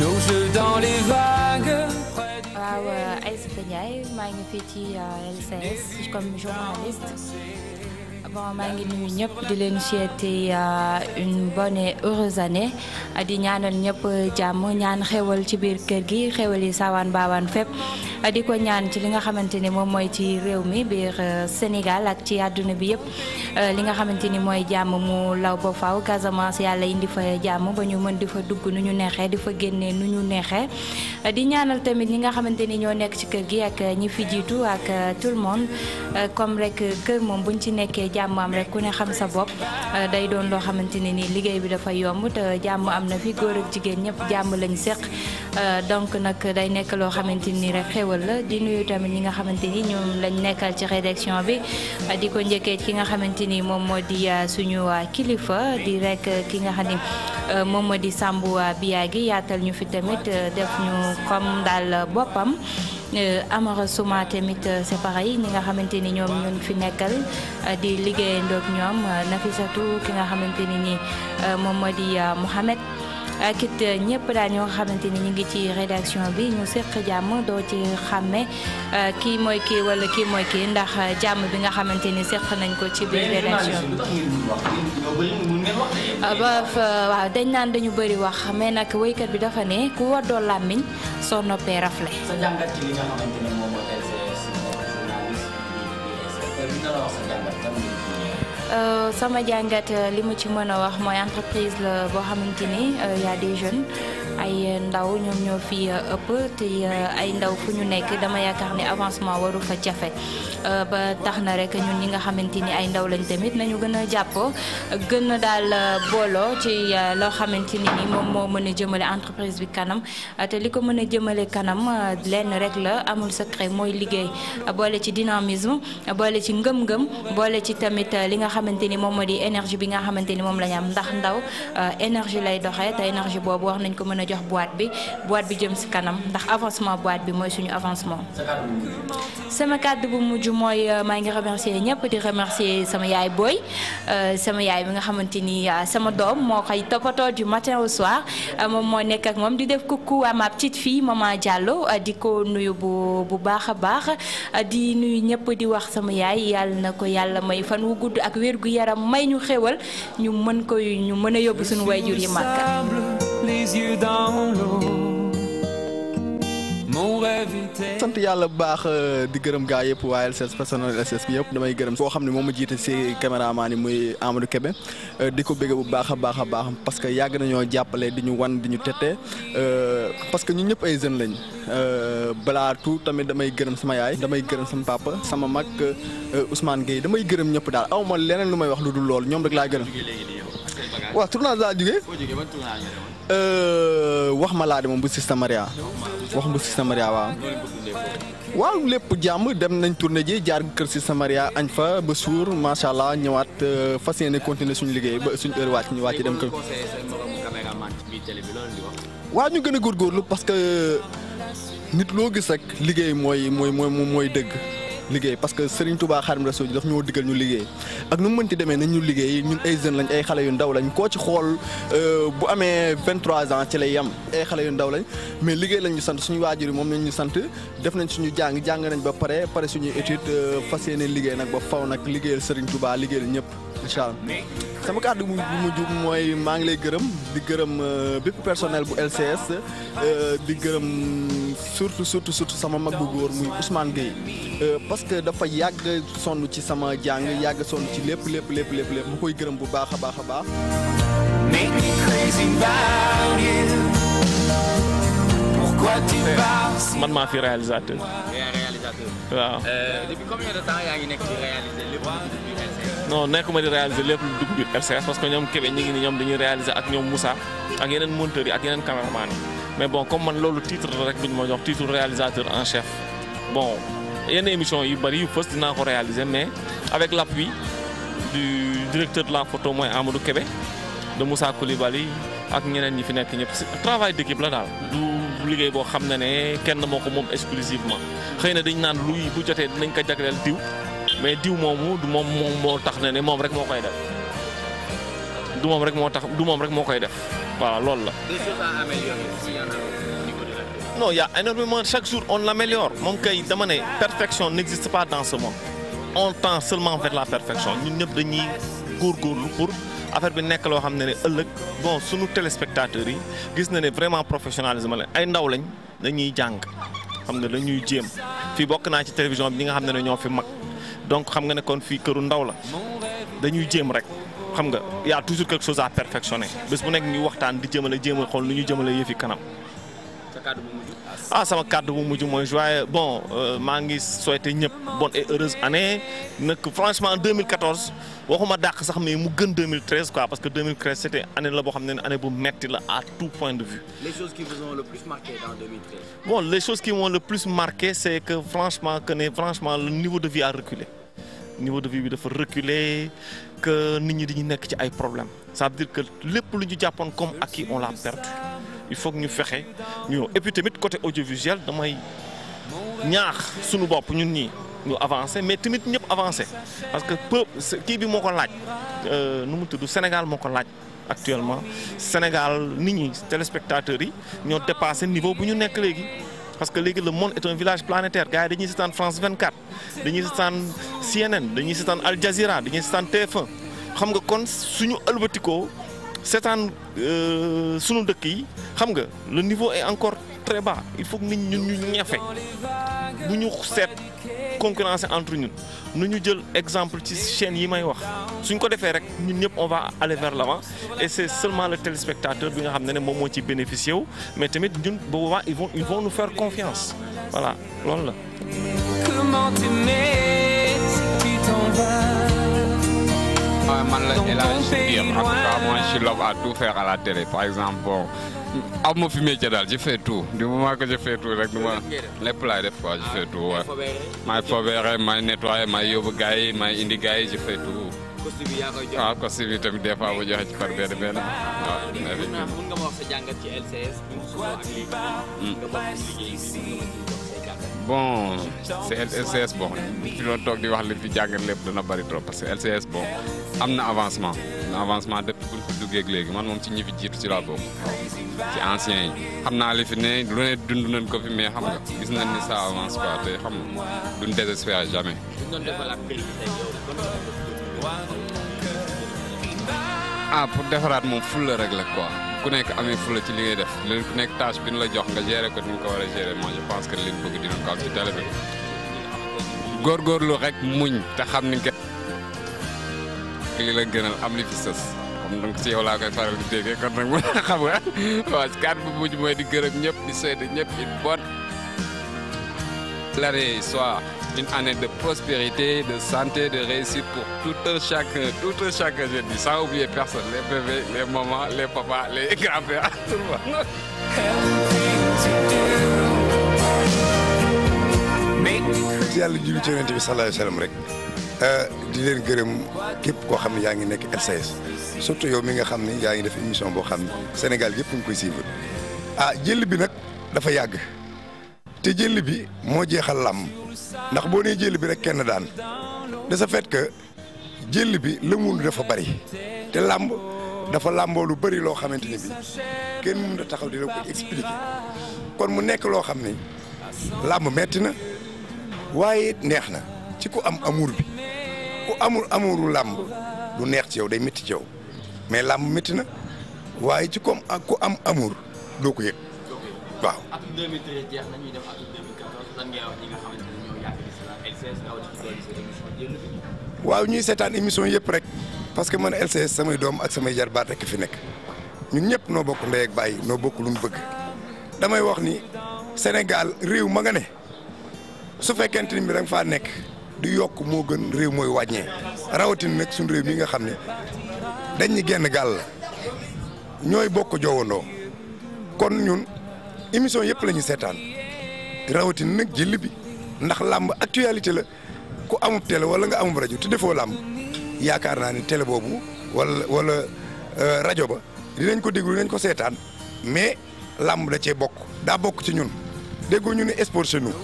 Nos waaw Aïssata Ndiaye maa ngi fii ci LCS comme journaliste Bon maa ngi di leen souhaiter euh, une bonne et heureuse année euh, di ñaanal ñëpp euh, jàmm ñaan xewal ci biir kër gi xewal yi saawaan baawaan di ko ñaan ci li nga xamante ni moom mooy ci réew mi biir Sénégal ak ci àdduna bi yëpp li nga xamante ni mooy jàmm mu law ba faaw Casamance yàlla indi fa jàmm ba ñu mën di fa dugg nu ñu neexee di fa génnee nu ñu neexee di ñaanal tamit ñi nga xamante ni nekk ci kër gi ak ñi fi jiitu ak tout le monde comme rek kër moom buñ ci nekkee jàmm am rek ku ne xam sa bopp euh, day doon loo xamante ne nii liggéey bi dafa yomb te jàmm am na fi góor ak jigéen ñëpp jàmm lañu seq euh, donc nag day nekk loo xamante ni rek xéwal la di nuyu tamit ñi nga xamante ni ñoom lañ nekkal ci rédaction bi di ko njëkkee ki nga xamante ni moom moo di euh, suñu waa kilifa di rekk ki nga xam ni moom moo di bi Sambou gi yaatal ñu fi tamit def ñu comme daal boppam. Amara Souma tamit c'est eh, pareil ñi nga xamante eh, eh, ni ñoom ñun fi nekkal di liga ak ñoom nafisatu, ki nga xamante ni moom Muhammad. ak it ñëpp daal ñoo xamante ni ñu ngi ci rédaction bi ñu seq jàmm doo ci xàmme kii mooy kii wala kii mooy kii ndax jàmm bi nga xamante ni seq nañ ko ci biir rédaction bi ba waaw dañ naan dañu bari wax mais nag woykat bi dafa ne ku waddoo làmmiñ soo noppee rafle sa Euh, sama jàngat euh, li mu ci mën a wax mooy entreprise la boo xamante ni euh, y a des jeunes ay ndaw ñoom ñoo fi euh, ëpp te euh, ay ndaw fu ñu nekk dama yaakaar ni avancement warul fa jafe euh, ba tax na rek ñun ñi nga xamante ni ay ndaw lañ tamit nañu gën a jàppoo gën a daal booloo ci loo xamante ni moom moo mën a jëmale entreprise bi kanam te li ko mën a jëmale kanam lenn rek la amul secret mooy liggéey boole ci dynamisme boole ci ngëm-ngëm boole ci tamit li nga xamante ni moom moo di énergie bi nga xamante ni moom la am ndax ndaw énergie lay doxee te énergie boobu wax nañ ko mën jox boîte bi boîte bi jëm ci kanam ndax avancement boîte bi moy suñu avancement sama kàddu bu muju moy euh, ma ngi remercier ñëpp di remercier sama yaay boy, euh, sama yaay bi nga xamanteni euh, sama dom mo xay topato du matin au soir mom mo nek ak mom di def coucou à ma petite fille maman Diallo di ko nuyu bu bu baax a baax di nuyu ñëpp di wax sama yaay yalla na ko may fan wu gudd ak wér gu yaram may ñu xewal ñu mën ko ñu mëna yobbu suñu wayjur yi makka les yeux dans sant yàlla bu baax euh, di gërëm gaa yëpp waa LCS personnel LCS bi yëpp damay gërëm soo xam ne moom ma jiite si caméraman yi muy Amadou Kébé euh, di ko bëgg bu baax a baax a baax parce que yàgg nañoo jàppale di ñu wan di ñu tette euh, parce que ñu ñëpp ay jeunes lañ balaa tout tamit damay gërëm sama yaay damay gërëm sama papa sama mag Ousmane Gueye damay gërëm ñëpp daal awma leneen lu may wax lu dul lool ñoom rek laa gërëm. waaw tournage laa jugee. Euh, wax ma laa de moom bu Sista Maria wax bu Sista Maria waaw. waaw lépp jàmm dem nañ tournée ji jaar kër Sista Maria añ fa ba suur macha allah ñëwaat euh, fas yéene continuer suñ liggéey ba suñ heure wàcc ñu wàcc dem kër. waa ñu gën a góorgóorlu parce que nit loo gis rek liggéey mooy mooy mooy mooy dëgg. liggéey parce que Serigne Touba Xaadimu Rasuul daf ñoo diggal ñu liggéey ak nu mu mënti demee nañ ñu liggéey ñun ay jeunes lañ ay xale yu ndaw lañ koo ci xool euh, bu amee 23 ans ci lay yem ay xale yu ndaw lañ mais liggéey lañu sant suñu waajur yi moom lañ ñu sant def nañ suñu jàng jàng nañ ba pare pare suñuy étude euh, fas yéene liggéey nag ba faw nag liggéeyal Serigne Touba liggéeyal ñëpp incha allah sama kàddu bu mujj mooy maa ngi lay gërëm di gërëm euh, bépp personnel bu LCS euh, di gërëm surtout surtout surtout sama mag bu góor muy Ousmane Gueye euh, parce que dafa yàgg sonn ci sama jàng yàgg sonn ci lépp lépp lépp lépp lépp mu koy gërëm bu baax a baax a baax. Eh, man maa fi réalisateur. waaw. non nekkuma di réaliser lépp lu dugg biir RCS parce que ñoom Kébé ñi ngi ni ñoom dañuy réaliser ak ñoom Moussa ak yeneen monteurs yi ak yeneen caméraman yi mais bon comme man loolu titre rek bi ñu ma jox titre en chef bon yenn émission yu bëri yu fës ko réaliser mais avec l'appui du directeur de la photo mooy Amadou Kébé de Moussa Koulibaly ak ñeneen ñi fi nekk ñëpp si travail d'équipe la daal du liggéey boo xam ne ne kenn moo ko moom exclusivement xëy na dañ naan luy bu jotee dinañ ko jagleel diw mais diw moomu du moom moom moo tax ne ne moom rek moo koy def du moom rek moo tax du moom rek moo koy def waaw loolu la. non y' a énormément chaque jour on l'améliore moom kay dama ne perfection n'existe pas dans ce monde on tend seulement vers la perfection ñun ñëpp dañuy góorgóorlu pour. affaire bi nekk loo xam ne ne ëllëg bon sunu téléspectateurs yi gis na ne vraiment professionnalisme la ay ndaw lañ dañuy jàng xam ne dañuy jéem fii bokk naa ci télévision bi ñi nga xam ne ne ñoo fi mag. donc xam nga ne kon fii ndaw la dañuy jéem rek xam nga y a toujours quelque chose à perfectionner bés bu nek ñuy waxtaan di jëmale jéem a xool ñu jëmale yëfi kanam. ah sama cadre bu muju joyeux bon je euh, vous souhaite une bonne et heureuse année Franchement, en 2014 waxuma dakk sax mais mu gën 2013 parce que 2013 c'était était année la bo xamné année à tout point de vue. les choses qui vous ont le plus marqué dans 2013. bon les choses qui m'ont le plus marqué c'est que franchement franchement le niveau de vie a reculé niveau de vie doit reculer que nous ñi des nekk problèmes ça veut dire que les lu du Japon comme qui on l'a perdu il faut que nous fexe ñu et puis tamit côté audiovisuel nous ñaax suñu bopp ñun avancer mais nous ñëpp avancer parce que peu kii bi moo ko laaj euh, nu mu tudd Sénégal moo ko laaj. actuellement Sénégal nit ñi téléspectateurs yi ñoo dépassé niveau bu ñu nekk parce que léegi le monde est un village planétaire gars yi dañuy seetaan France 24 dañuy seetaan CNN dañuy seetaan Al Jazeera dañuy seetaan tf xam nga kon suñu ëlbatikoo seetaan euh, suñu dëkk yi xam nga le niveau est encore bas il faut que nous nous fait nous nous concurrence entre nous nous nous l'exemple exemple la chaîne may on va aller vers l'avant et c'est seulement le téléspectateur qui mais ils vont ils vont nous faire confiance voilà si tu à tout faire à la télé par exemple aw ma fi métier daal je fais tout du moment que je rek du ma lépp laay def quoi je fais maay fobeere maay nettoyer maay yóbbu maay indi gars yi je fais tout ah, tamit des fois ci par benn benn LCS bon c'est LCS bon fi tok di wax fi bari trop parce que LCS bon amna avancement avancement na avancement depuis buñ fi duggee léegi man mom ci ñi fi ci Nous ci li fi ne lu ne dund nañ ko mais xam nga gis nañ ni ça avance quoi te xam désespérer jamais. ah pour mon mom full rek la quoi. ku nekk amee fula ci li ngay def leen ku nekk tâche bi ñu la jox nga gérer ko ni nga ko war a gérer moi je pense que liñ bëgg dina ko ci télé bi rek muñ te xam ni que li la gënal am li fi sës comme donc si yow laa koy faral di déggee kon nag mën na xam nga waaw si kàddu bu mujj mooy di gërëm ñëpp di seede ñëpp it bon. laree soir. une année de prospérité, de santé, de réussite pour tout chaque, tout chaque jeune. Sans oublier personne, les bébés, les mamans, les papas, les grands-pères, tout le monde. ci yàlla julli ci yonent bi sallallahu alayhi wa sallam rek euh, di leen gërëm képp koo xam ne yaa ngi nekk surtout yow mi nga xam ne yaa ngi def émission boo xam ne Sénégal yëpp nga koy suivre ah jël bi nag dafa yàgg te jël bi moo jeexal làmb ndax boo nee jël bi rek kenn daan de ce fait que jël bi lëmuwul dafa bari te làmb dafa làmboo lu bari loo xamante ni bi kenn mënut a taxaw dina ko expliquer kon mu nekk loo xam ni làmb metti na waaye neex na ci ku am amour bi ku amul amouru làmb du neex ci yow day métti ci yow mais làmb métti na waaye ci comme ak ku am amour doo ko yëg waaw ñuy seetaan émission yëpp rek parce que man LCS samay doom ak samay jarbaat rek fi nekk ñun ñëpp noo bokk ndey ak noo bokk lu mu bëgg damay wax ni Sénégal réew ma ne su fekkente ni bi da faa nekk di yokk moo gën réew mooy wàññee rawatin nag suñu réew mi nga xam ne dañ ñu genn la ñooy bokk joowandoo kon ñun émission yëpp la ñu seetaan rawatin nag jëli bi ndax làmb actualité la. ku amub télé wala nga amub rajo te defoo làmb yaakaar naa ne télé boobu wala wala euh, rajo ba dinañ ko déglu dinañ ko seetaan mais làmb da cee bokk daa bokk ci ñun déggoo ñu ne sport chez nous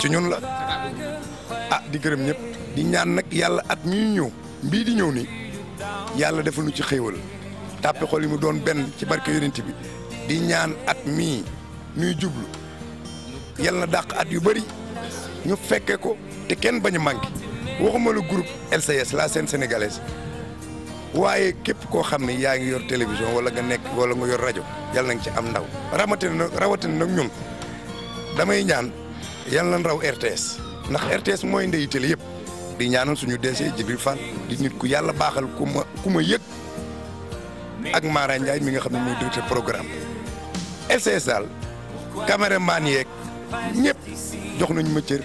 ci ñun la ah di gërëm ñëpp di ñaan nag yàlla at mi ñëw mbii di ñëw ni yàlla defal nu ci xéewal tàppe xol yi mu doon benn ci barke yonent bi di ñaan at mii muy jublu yàlla na dàq at yu bëri ñu fekke ko te kenn bañu a manqué waxuma la groupe LCS la scène sénégalaise waaye képp koo xam ne yaa ngi yor télévision wala nga nekk wala nga yor rajo yàlla na nga ci am ndaw rawatina na rawatina nag ñun damay ñaan yàlla na raw RTS ndax RTS mooy ndeyu télé yëpp di ñaanal suñu DG Jibril fan di nit ku yàlla baaxal kuma ma ku yëg ak Mara Ndiaye mi nga xam ne muy directeur programme LCS daal caméraman yeeg ñëpp jox nañu ma cër.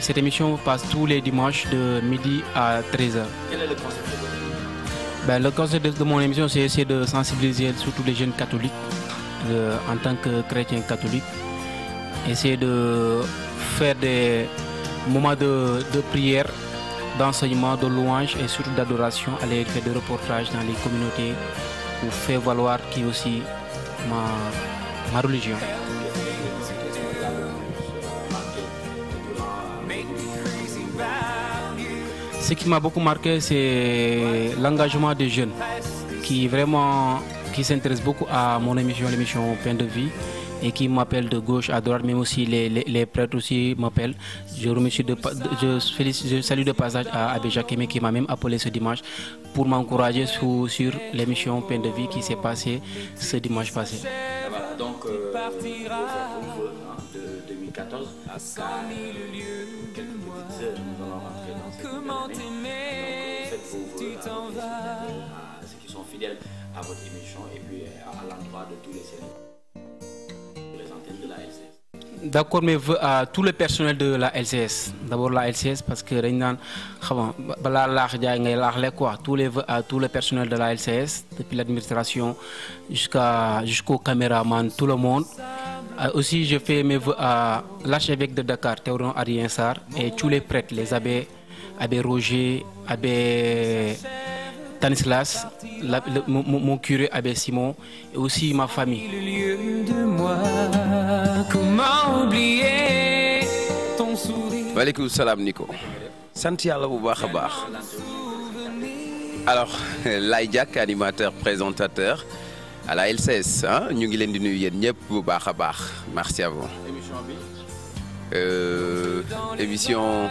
Cette émission passe tous les dimanches de midi à 13h. Quel est le concept émission ben, Le concept de mon émission, c'est essayer de sensibiliser surtout les jeunes catholiques euh, en tant que chrétiens catholiques. Essayer de faire des moments de, prière, d'enseignement, de louange et surtout d'adoration. Aller faire des reportages dans les communautés pour faire valoir qui aussi ma religion. ce qui m'a beaucoup marqué, c'est l'engagement des jeunes qui vraiment qui s'intéressent beaucoup à mon émission, l'émission Pain de vie et qui m'appellent de gauche à droite, même aussi les, prêtres aussi m'appellent. Je remercie de, je, salue de passage à Abbé Jacquemé qui m'a même appelé ce dimanche pour m'encourager sur, l'émission Pain de vie qui s'est passée ce dimanche passé. donc, 2014, euh, à votre émission et puis euh, à l'endroit de tous les de la LCS. d'accord mais à tout le personnel de la LCS d'abord la LCS parce que dañ je là, quoi tous les à tout le personnel de la LCS depuis l'administration jusqu'à jusqu'au caméraman tout le monde euh, aussi je fais mes vœux à l'archevêque de Dakar Théoron Ariensar, et tous les prêtres les abbés abbé Roger abbé Tanislas, la, mon, curé Abbé Simon et aussi ma famille. Le lieu de moi, comment oublier ton sourire Walaikum salam Nico. Santi Allah Alors, Laïdiak, animateur, présentateur à la LCS, hein? nous sommes deux. Merci à vous. Émission, euh, émission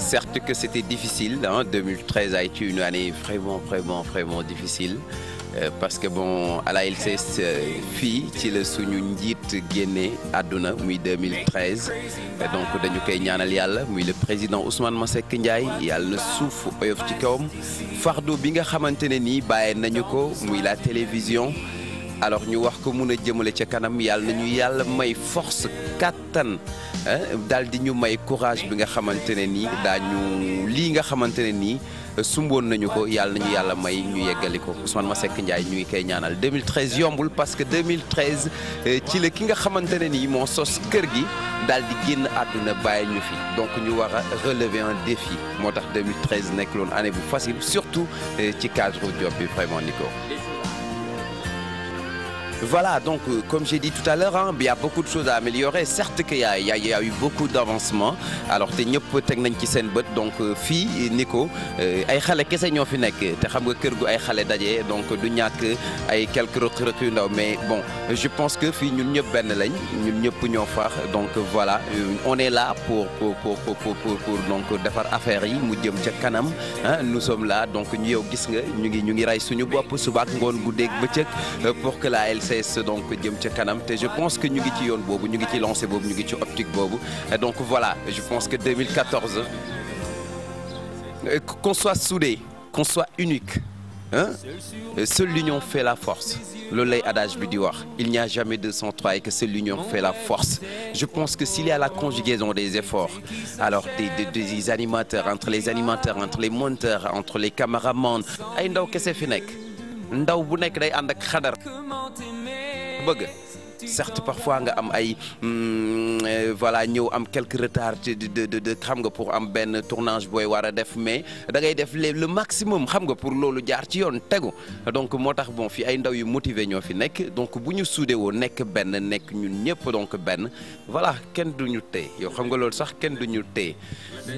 Certes que c'était difficile, 2013 hein, a été une année vraiment, vraiment, vraiment difficile. Euh, parce que bon à la LCS euh, fille ci le suñu à Dona, 2013 donc le président Ousmane Masek Ndiaye il na souffle. ci souffle la télévision alors nous, wax eu le a Hein, daal di ñu may courage bi nga xamantene ni dañu li nga xamantene ni sumbon nañu ko yalla nañu yalla may ñu yeggali Ousmane Masseck Ndiaye ñu ngi koy ñaanal 2013 yombul parce que 2013 euh, ci le ki nga xamantene ni mo sos kër gi daal di génn àdduna bàyyi ñu fi donc ñu wara relever un défi motax 2013 nek loon année bu facile surtout euh, ci cadre job bi vraiment Nico voilà, donc euh, comme j'ai dit tout à l'heure, hein, il y a beaucoup de choses à améliorer. Certes qu'il y, a eu beaucoup d'avancements. Alors donc euh, fille Nico quelques mais bon je pense que nous ñun donc voilà euh, on est là pour pour pour pour donc hein. nous sommes là donc pour que la c'est donc a kanam te je pense que nous ngi ci nous avons lancé Bobu, ñu ngi optique bobu. donc voilà je pense que 2014 euh, qu'on soit soudés qu'on soit unique hein, euh, seule l'union fait la force Le lay adage bi il n'y a jamais de sans et que seule l'union fait la force je pense que s'il y a la conjugaison des efforts alors des, animateurs entre les animateurs entre les monteurs entre les caméramans ay ndaw kese fi day ak बघ certes parfois nga am ay mm, euh, voilà ñëw am quelques retards de de de xam nga pour am ben tournage boy wara def mais da ngay def le maximum xam nga pour lolu jaar ci yoon tegu donc motax bon fi ay ndaw yu motivé ñoo fi nekk donc buñu soudé wo nek ben nek ñun ñëpp donc ben voilà kenn duñu té yow xam nga lolu sax kenn duñu té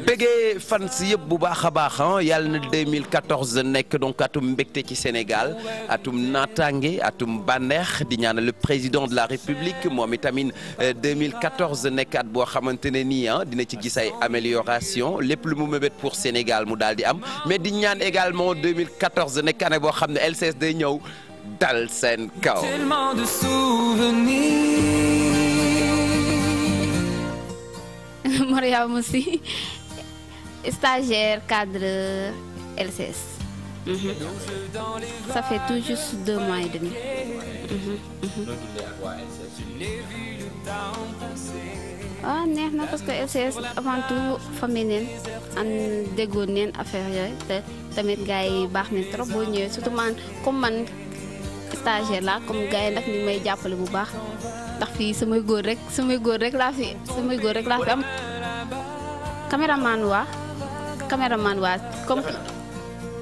téye fans yeb bu baax a baax ah, na 2014 nek donc atum mbégte ci Sénégal atum natangé atum banex di ñaan le président de la république moom itamit 2014 euh, nekkaat boo xamante ne nii ah dina ci gis ay amélioration les plus mu pour Sénégal mu daal mais di également 2014 nekk année boo xam de LCS day ñëw dal tellement de souvenirs. Mariama Moussi stagiaire cadre LCS. Mm -hmm. Ça fait tout juste deux mois et demi. ah non, parce que LCS avant tout famille neen an déggoon neen affaire gars trop boo surtout man comme man stage là, comme gars yi nag ñu may jàppale ndax fii samay góor rek samay góor rek laa fi samay góor rek laa fi am caméraman waa caméraman waa comme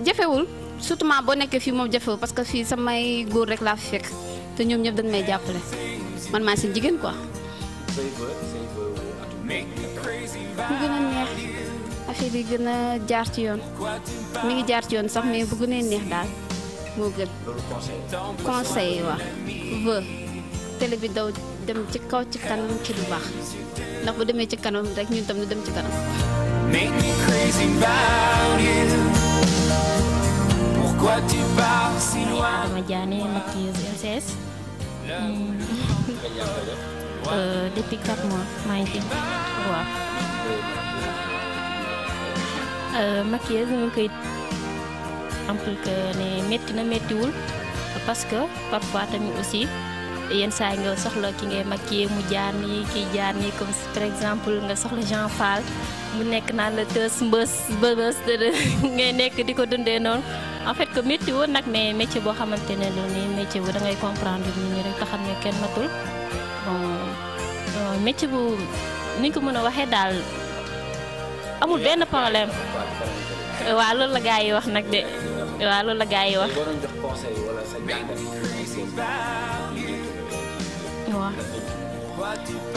jafewul surtout boo nekkee fii moom jafewul parce que fii samay góor rek laa fi fekk te ñoom ñëpp dañ may jàppale man maa seen jigéen ko mu gën a neex affaire yi gën a jaar ci yoon mi ngi jaar ci yoon sax mais bu gënee neex daal moo gën. conseil waaw vë télé bi daw dem ci kaw ci kanam ci lu baax ndax bu demee ci kanam rek ñu tam ñu dem ci kanam. May Adamadiane maquilleuse LCS. Mm. euh, depuis main. mois, maa ngi fi waaw. ke maquilleuse ñu ne métti na méttiwul parce que parfois tamit aussi yenn saa nga soxla ki ngay maquiller mu jaar nii kii jaar nii comme par exemple nga soxla Jean Fall mu ngay di ko dundee en fait que métier woon nag mais métier boo xamante ne lu ni métier bu da ngay comprendre nit ñi rek te xam ne kenn matul bon euh, métier bu ni ko mën a waxee daal amul benn problème waaw loolu la gars yi wax nag de waaw loolu la gars yi wax.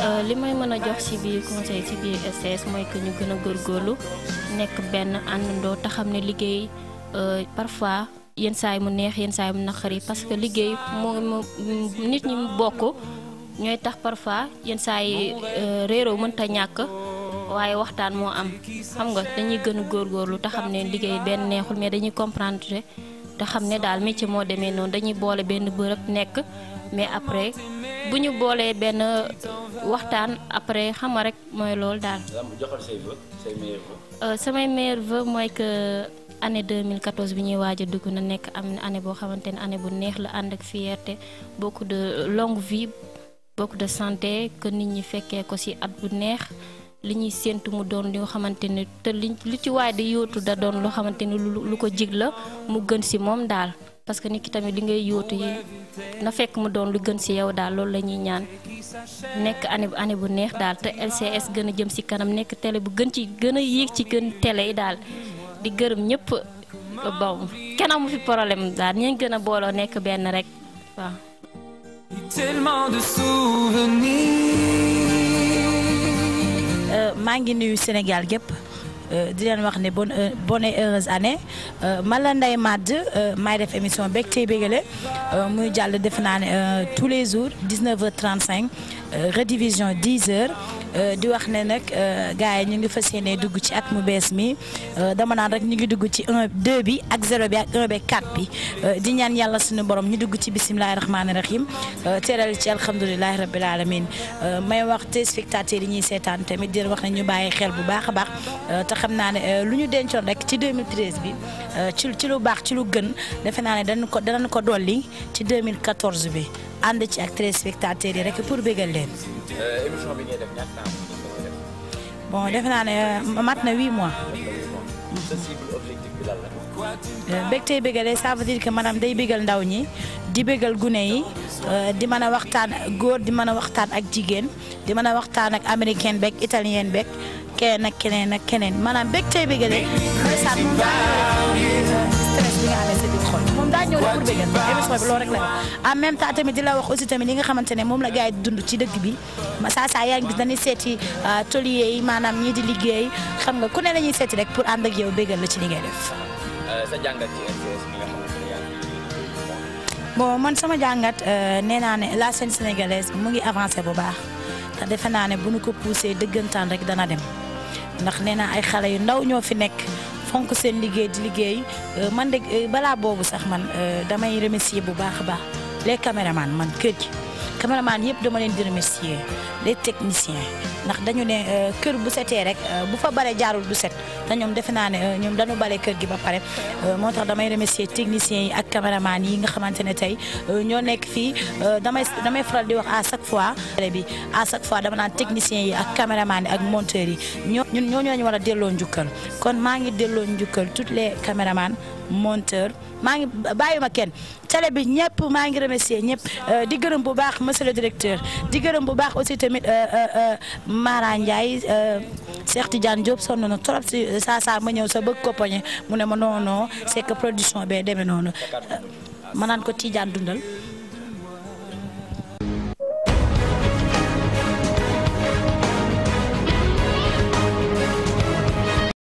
Euh, li may mën a jox ci biir conseil ci biir STS mooy que ñu gën a góorgóorlu nekk benn àndandoo te ne liggéey. Euh, parfois yenn saay mu neex yenn saay mu yi parce que liggéey moo nit ñi mu bokk ñooy tax parfois yenn saay euh, réeroo mënta ñàkk waaye waxtaan moo am xam nga dañuy gën a góorgóorlu te xam ne liggéey benn neexul mais dañuy comprendre te xam ne daal métier moo demee noonu dañuy boole benn bërëb nekk mais après bu ñu boolee benn waxtaan après xam nga rek mooy loolu daal. joxal say vœux say meilleurs vœux. Euh, samay meilleurs vœux mooy que année bi ñuy waaj a dugg na nekk am na année boo xamante ne année bu neex la ànd ak fierté beaucoup de longue vie bokk de santé que nit ñi fekkee ko ci at bu neex. li ñuy séentu mu doon li nga xamante ne te li lu ci waay di yootu da doon loo xamante ne lu ko jig la mu gën ci moom daal parce que nit tamit li ngay yootu yi na fekk mu doon lu gën si yow daal loolu la ñuy ñaan nekk année bu année bu neex daal te LCS gën a jëm si kanam nekk télé bu gën ci gën a yéeg ci gën télé yi daal di gërëm ñëpp baw kenn amu fi problème daal ñu gën a booloo nekk benn rek waaw. Euh, maa ngi nuyu senegal gépp Euh, euh, bonne et heureuse année Je suis Mad émission Bek tey bégale euh, muy tous les jours 19h35 redivision 10h. di wax ne nak gaay ñu ngi fassiyene dugg ci at mu bes mi dama nan rek ñu ngi dugg ci 1 2 bi ak 0 bi ak 1 bi 4 bi di ñaan yàlla suñu borom ñu dugg ci bismillahir rahmanir rahim teral ci alhamdulilahi rabbil alamin may wax te spectateur yi ñi sétane tamit di wax ne ñu bàyyi xel bu baax baax ta xam naa ne lu ñu dencoon rek ci 2013 bi ci ci lu baax ci lu gën defe na ne dañ ko dañ ko doli ci 2014 bi ànd ci ak 13 spectateur yi rek pour bégal leen émission bi ñuy def ñaata bon defe naa ne euh, mat na huit mois. Euh, bégtey bégale ça veut dire que maanaam day bégal ndaw ñi di bégal gune yi euh, di mën a waxtaan góor di mën a waxtaan ak jigéen di mën a waxtaan ak américaine beeg italienne beeg keneen ak keneen ak keneen maanaam bégtey bégale stress bi moom daa ñëw pour bëggal émission bi loolu la en même temps tamit la wax aussi tamit yi nga xamante ne moom la gaa yi dund ci dëkk bi saa saa yaa ngi dañuy seeti euh, tôlier yi maanaam ñii di liggéey xam nga ku ne lañuy seeti rek pour ànd ak yow bëggal la ci li def. Euh, sa man sama jàngat euh, nee naa ne la seen sénégalaise mu ngi avancé bu baax te defe naa ne bu ñu ko poussé dëggantaan rek dana dem ndax nee naa ay xale yu ndaw ñoo fi nekk. fonk seen liggéey di liggéey euh, man de euh, balaa boobu sax man euh, damay remercier bu baax a baax les caméramans man kër gi. cameraman yëpp dama leen di remercier les techniciens ndax dañu ne euh, kër bu setee rek euh, bu fa bare jaarul bu set te ñoom defe naa ne euh, ñoom dañu bale kër gi ba pare moo tax damay remercier techniciens yi ak cameraman yi nga xamante ne tey ñoo nekk fii damay damay faral di wax à chaque fois bi à chaque fois dama naan techniciens yi ak cameraman yi ak monteurs yi ñoo ñun ñoo ñu war a delloo njukkal kon maa ngi delloo njukkal toutes les caméramans monteur maa ngi bàyyi ma kenn télé bi ñëpp maa ngi remercier ñëpp euh, di gërëm bu baax monsieur le directeur di gërëm bu baax aussi tamit euh, euh, Mara Ndiaye Cheikh Tidiane Diop sonn na trop si saa ma ñëw sa bëgg ko poñe mu ne ma non non c'est production bee demee noonu ma naan ko Tidiane dundal.